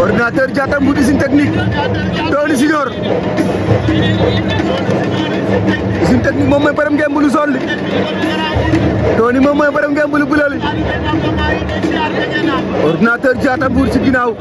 ordinateur Diatta Mbour usine technique Tony Junior usine technique moom mooy borom ngeen bulu sol li Tony moom mooy borom ngeen bulu bulali ordinateur Diatta Mbour ci ginnaaw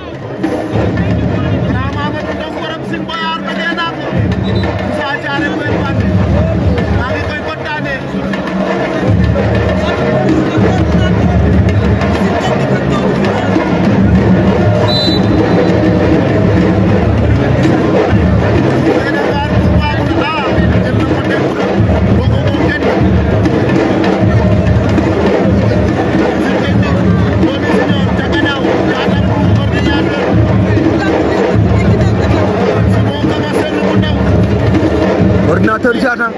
Docteur Diatta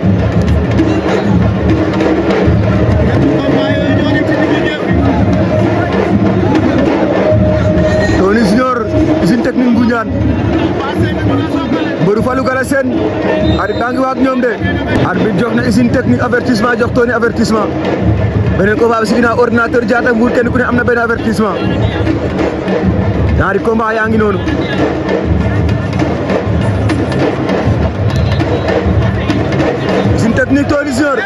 Tony Junior usine technique Ngoundiane mbëru Fallou Gala Sène ari tàngi waag ñoom de arbitre jox na usine technique avertissement jox Tony avertissement beneen ko bi si ginnaaw ordinateur Diatta Mbour kenn ku ne am na benn avertissement ñaari combat yaa ngi noonu technique Tony Junior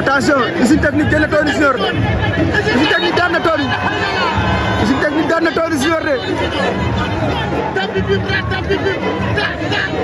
attention Usine technique jël na Tony Junior Usine technique daan na Tony Usine technique daan na Tony Junior de